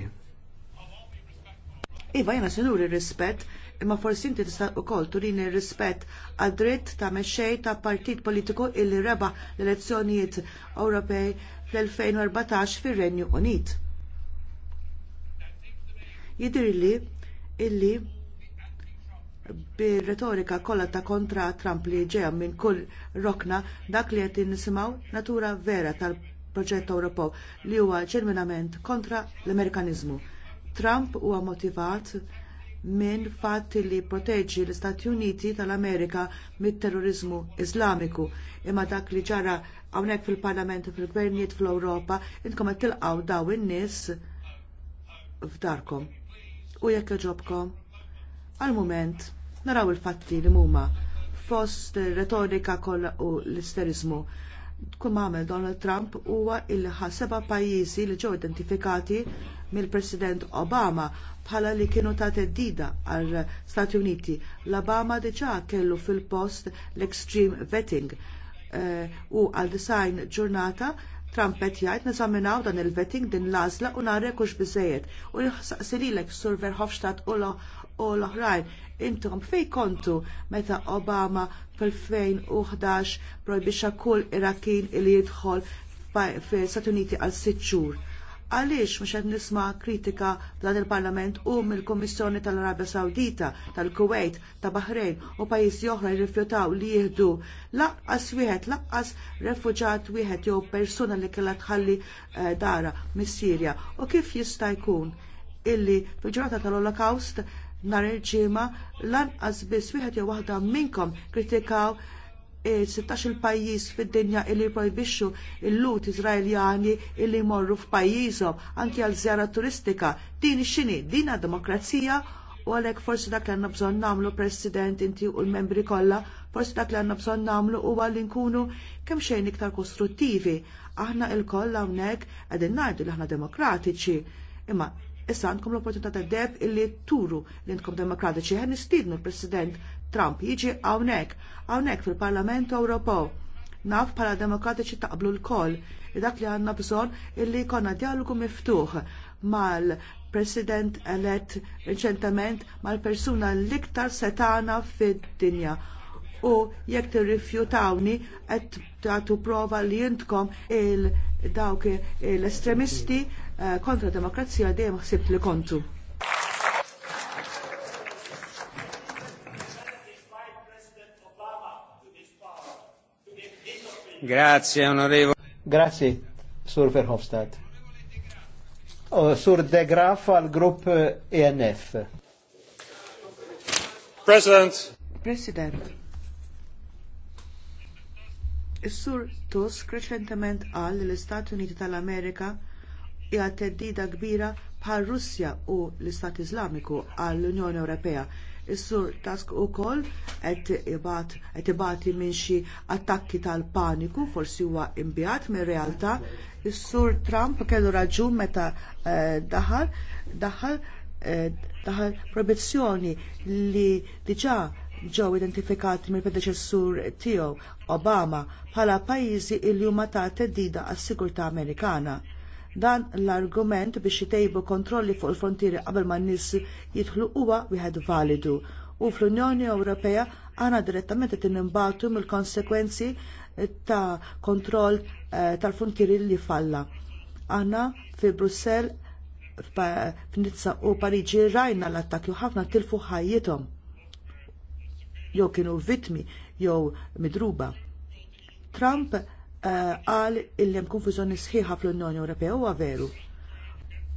Iva, jena sinur rispett imma forsi inti tista' ukoll turini rispett għad dritt ta' mexej ta' partit politiku illi reba l-elezzjonijiet Ewropej fl-2014 fir-Renju Unit. li illi bir-retorika kollha ta' kontra Trump li ġejja minn kull rokna dak li qed nisimgħu natura vera tal-proġett Ewropew li huwa ġenwinament kontra l-Amerikaniżmu. Trump huwa motivat minn fatt li proteġġi l-Istati Uniti tal-Amerika mit-terrorizmu Iżlamiku imma dak li ġara hawnhekk fil-Parlament u fil-Gvernijiet fl-Ewropa intkom qed tilqgħu daw in-nies f'darkom. U jekk joġobkom għal mument naraw il-fatti li muma fost retorika kollha u l-isterizmu. Kum għamel Donald Trump huwa il ħaseba pajjiżi li ġew identifikati mill-President Obama bħala li kienu ta' teddida għal Stati Uniti. L-Obama diġa' kellu fil-post l-extreme vetting eh, u għal design ġurnata Trump qed jgħid dan il-vetting din l-għażla u nara kux biżżejjed u saqsililek Sur Verhofstadt u u l-oħrajn. Intom fej kontu meta Obama fil-2011 projbixa kull Irakin li jidħol fil-Stati Uniti għal sitt xhur. Għaliex mhux qed nisma' kritika dan il-Parlament u mill-Kummissjoni tal-Arabja Sawdita, tal-Kuwait, ta' Baħrejn u pajjiżi oħra jirrifjutaw li jieħdu laqqas wieħed laqqas refuġat wieħed jew persuna li kellha tħalli eh, dara mis-Sirja u kif jista' jkun illi fil ġurata tal-Olokawst nhar il-ġimgħa lanqas biss wieħed jew waħda minnkom kritikaw e, eh, 16 il-pajjiż fid-dinja li jprojbixxu il-lut Iżraeljani li jmorru f'pajjiżhom anke għal żjara turistika. Din ix-xini, dinha demokrazija u għalhekk forsi dak li għandna bżonn nagħmlu President inti u l-membri kollha, forsi dak li għandna bżonn nagħmlu huwa li nkunu kemm xejn iktar kostruttivi. Aħna lkoll hawnhekk qegħdin ngħidu li aħna demokratiċi. Imma issa għandkom l-opportunità ta' deb illi turu li għandkom demokratiċi Għan istidnu l-President Trump jiġi hawnhekk, hawnhekk fil-Parlament Ewropew. Naf pala demokratiċi taqblu l kol id dak li għandna bżonn illi konna dialogu miftuħ mal-President elett recentament mal-persuna l-iktar setana fid-dinja u jekk tirrifjutawni qed tagħtu prova li intkom il dawk l-estremisti eh, kontra demokrazija dejjem ħsibt li kontu. Grazie, onorevole. Grazie, Sur Verhofstadt. Oh, Sur De Graaf al grupp ENF. President. President Is-Sur Tusk riċentement qal li l-Istati Uniti tal-Amerika hija theddida kbira bħal Russja u l-Istat Iżlamiku għall unjoni Ewropea. Is-Sur Tusk ukoll qed ibati minn xi attakki tal-paniku forsi huwa imbjat mir-realtà. Is-Sur Trump kellu raġun meta eh, daħal daħal eh, daħal proibizzjoni li diġà ġew identifikati mill-predeċessur tiegħu Obama bħala pajjiżi li huma ta' theddida għas-sigurtà Amerikana. Dan l-argument biex jtejbu kontrolli fuq il-frontieri qabel ma n-nies jidħlu huwa wieħed validu u fl-Unjoni Ewropea għana direttament qed nimbagħtu mill-konsekwenzi ta' kontroll eh, tal-frontieri li falla. Aħna fi Brussell f'Nizza u Pariġi rajna l-attakki u ħafna tilfu ħajjithom jew kienu vittmi jew midruba. Trump qal eh, uh, il-lem konfuzjoni sħiħa fl-Unjoni Ewropea huwa veru.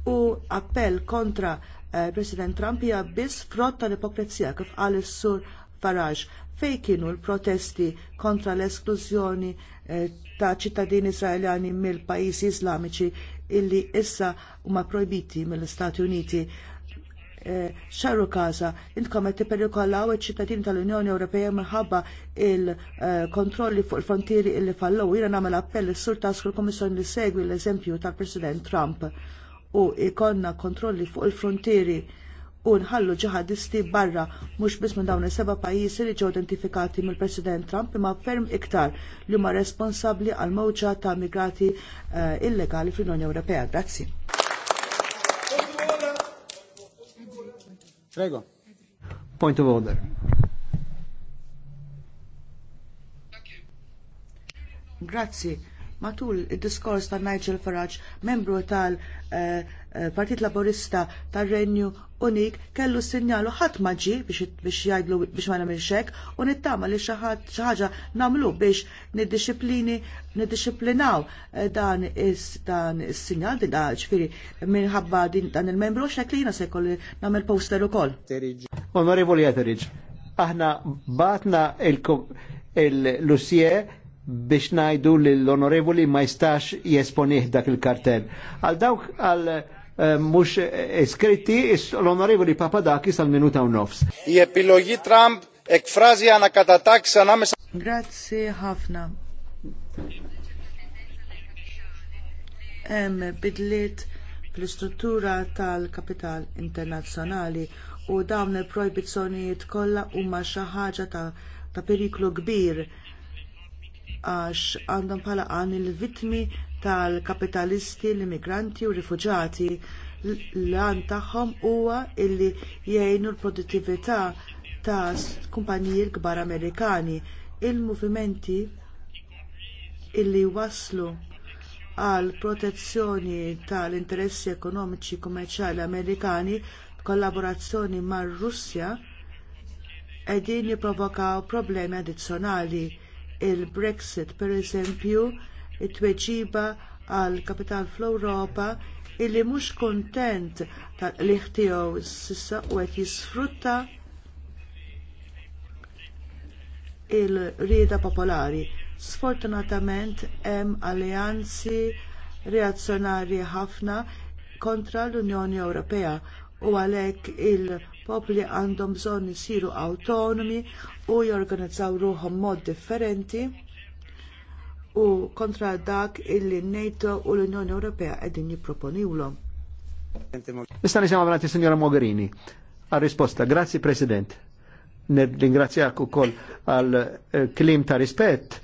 U appell kontra uh, President Trump hija biss frott tal-ipokrezija kif qal is-sur Farage fejn kienu l-protesti kontra l-esklużjoni eh, ta' ċittadini Israeljani mill-pajjiżi Islamiċi illi issa huma projbiti mill-Istati Uniti xarru eh, kaza, intkom qed tipperikolaw il ċittadin tal-Unjoni Ewropeja minħabba il-kontrolli fuq il-frontieri illi Fallu. Jiena nagħmel appell is-Sur Task l kommissjoni li segwi l-eżempju tal-President Trump u ikonna kontrolli fuq il-frontieri u nħallu ġihadisti barra mhux biss minn dawn seba pajjiżi li ġew identifikati mill-President Trump imma ferm iktar li huma responsabbli għal mewġa ta' migrati eh, illegali fl-Unjoni Ewropea. Grazzi. Prego. Point of order. Grazie. Matul il diskors ta' Nigel Farage, membru tal- uh, Partit Laburista tar-Renju Unik kellu sinjalu ħadd ma ġie biex jgħidlu biex ma nagħmilx hekk u nittama li xi ħaġa nagħmlu biex niddixxiplini niddixxiplinaw eh, dan is dan is-sinjal din ah, ġifieri minħabba dan il-membru x'hekk li jiena se jkollu nagħmel poster ukoll. Onorevoli Eteriġ, aħna batna il-Lussier biex najdu l-onorevoli ma jistax jesponih dak il-kartell. Għal dawk għal Eh, mux iskritti l-onorevoli Papadakis għal minuta u nofs. Η επιλογή Τραμπ għana katatak ανάμεσα. Grazie ħafna. Em bidlit l istruttura tal-kapital internazzjonali u dawn il-projbizzjonijiet kollha huma xi ħaġa ta', ta periklu kbir għax għandhom bħala għan il-vitmi tal-kapitalisti, l-immigranti u rifuġati l-għan tagħhom huwa illi jgħinu l-produttività ta' kumpaniji l-kbar Amerikani. Il-movimenti illi waslu għal protezzjoni tal-interessi ekonomiċi kummerċjali Amerikani b'kollaborazzjoni mar-Russja qegħdin jipprovokaw problemi addizzjonali il-Brexit pereżempju it-tweġiba għal kapital fl-Ewropa illi mhux kuntent tal tiegħu sissa u qed jisfrutta il-rieda popolari. Sfortunatament hemm alleanzi reazzjonarji ħafna kontra l-Unjoni Ewropea u għalhekk il-popli għandhom bżonn isiru awtonomi u jorganizzaw ruħhom mod differenti u kontra dak illi NATO u l-Unjoni Ewropea qegħdin jipproponilhom. Nista' nisem avanti Sinjora Mogherini għal-risposta. Grazzi President. Nirringrazzjak ukoll għal eh, klim ta' rispett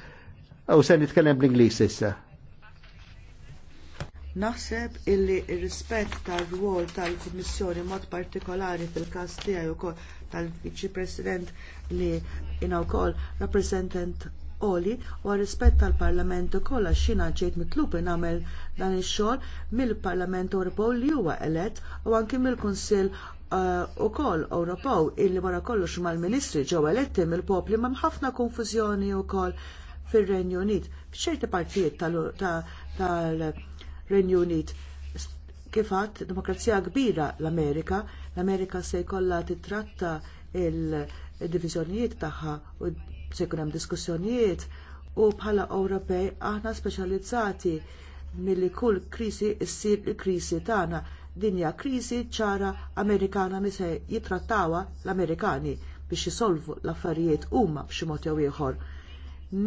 u se nitkellem bl-Ingliż issa. Naħseb illi rispett tal rwol tal-Kummissjoni mod partikolari fil-każ tiegħi wkoll tal-Viċi President li jina wkoll rappreżentant Oli u rispett tal-Parlament ukoll għax xina ġejt mitlubi nagħmel dan ix-xogħol mill-Parlament Ewropew li huwa elett u anke mill-Kunsill uh, ukoll Ewropew illi wara kollox mal-Ministri ġew eletti mill-popli ma' ħafna konfużjoni wkoll fir-Renju Unit. F'ċerti partijiet tal-Renju Unit kif għadt demokrazija kbira l-Amerika, l-Amerika se jkollha titratta il-divizjonijiet tagħha u se jkun hemm diskussjonijiet u bħala Ewropej aħna speċjalizzati milli kull kriżi ssir il-kriżi tagħna Dinja krisi kriżi ċara Amerikana li se jitrattawa l-Amerikani biex jisolvu l-affarijiet huma b'xi mod jew ieħor.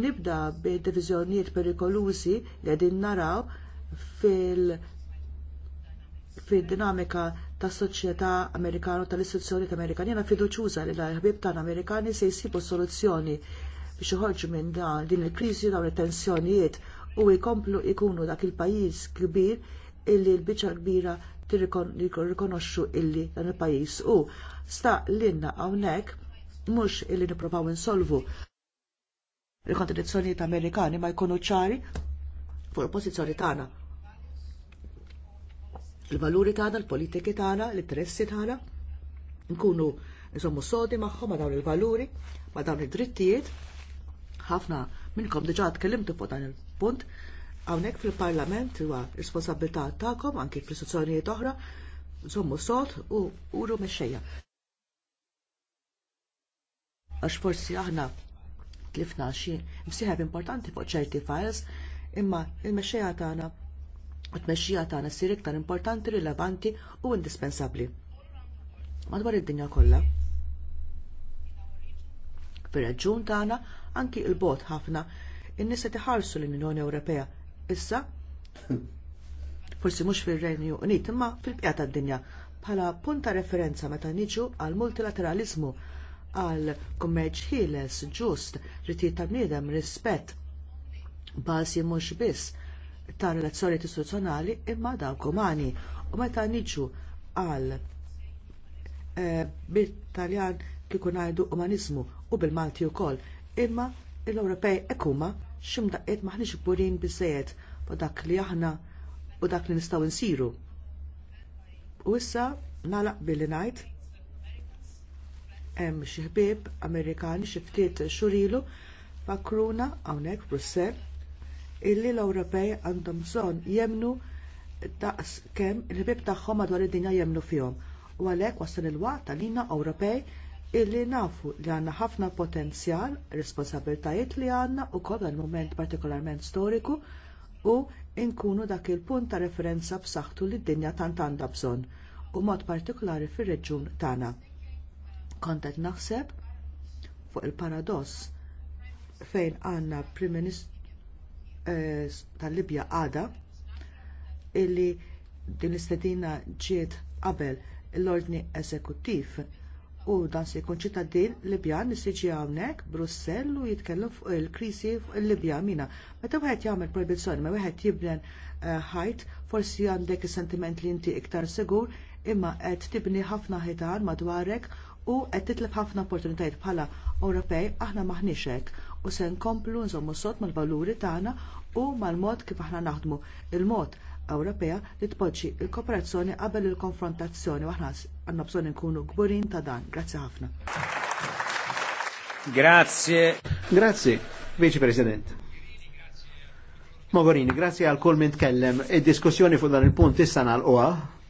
Nibda bid-diviżjonijiet perikolużi li qegħdin naraw fil- fid-dinamika tas soċjetà Amerikana u tal-istituzzjoni Amerikani. Jena fiduċuża li l ħbieb tal Amerikani se jsibu soluzzjoni biex iħorġu minn din il-kriżi dawn it-tensjonijiet u jkomplu jkunu dak il-pajjiż kbir illi l-biċċa kbira tirrikonoxxu illi dan il-pajjiż u sta l-inna hawnhekk mhux illi nippruvaw insolvu il-kontradizzjonijiet Amerikani ma jkunu ċari fuq il-pożizzjoni tagħna il-valuri tagħna, il-politiki tagħna, l-interessi tagħna. Nkunu nżommu sodi magħhom ma' dawn il-valuri, ma' dawn id-drittijiet. Ħafna minnkom diġà tkellimtu fuq dan il-punt. Hawnhekk fil-Parlament huwa responsabilità tagħkom anke fl-istituzzjonijiet oħra nżommu sod u uru mexxejja. Għax forsi aħna tlifna xi msieħeb importanti fuq ċerti files imma il-mexxejja tagħna u t tmexxija tagħna ssir iktar importanti, rilevanti u indispensabbli. Madwar id-dinja kollha. Fir-reġjun tagħna anki l bot ħafna in-nies qed iħarsu l-Unjoni Ewropea. Issa forsi mhux fir-Renju Unit imma fil-bqija tad-dinja bħala punta referenza meta niġu għall multilateraliżmu għal kummerċ ħieles ġust, rittijiet tal-bniedem, rispett, bażi mhux biss ta' relazzjoni istituzzjonali imma dawk umani. U meta niġu għal eh, bit-Taljan kieku ngħidu umanizmu u bil-Malti wkoll, imma l-Ewropej ekuma ximdaqqiet maħniex burin biżżejjed u dak li aħna u dak li nistgħu nsiru. U issa nagħlaq billi ngħid hemm xi ħbieb Amerikani xi ftit xurilu fakruna hawnhekk Brussell illi l-Ewropej għandhom bżonn jemnu daqs kemm il-ħbib tagħhom madwar id-dinja jemnu fihom. U għalhekk wasal il-waqt għalina Ewropej illi nafu li għandna ħafna potenzjal, responsabiltajiet li għandna u kol mument partikolarment storiku u nkunu dak il-punt ta' referenza b'saħħtu li d-dinja tant għandha bżonn u mod partikolari fir-reġjun tagħna. Kont qed naħseb fuq il-paradoss fejn għandna Prim Ministru Eh, tal-Libja għada illi din is istedina ġiet qabel l-ordni eżekuttiv u dan se jkun ċittadin Libjan li siġi hawnhekk Brussell u jitkellem fuq il-krisi fuq il-Libja mina. Meta wieħed jagħmel proibizzjoni, ma wieħed jibnen eh, ħajt, forsi għandek is-sentiment li inti iktar sigur, imma qed tibni ħafna ħitan madwarek u qed titlef ħafna opportunitajiet bħala Ewropej aħna maħniex hekk u se nkomplu nżommu sod mal-valuri tagħna u mal-mod kif aħna naħdmu il-mod Ewropea li tpoġġi l kooperazzjoni qabel il-konfrontazzjoni aħna għandna bżonn inkunu kburin ta' dan. Grazzi ħafna. Grazie. Grazie, Vice President. Mogorini, grazie għal kull min tkellem. Id-diskussjoni e fuq dan il-punt issa nagħlquha.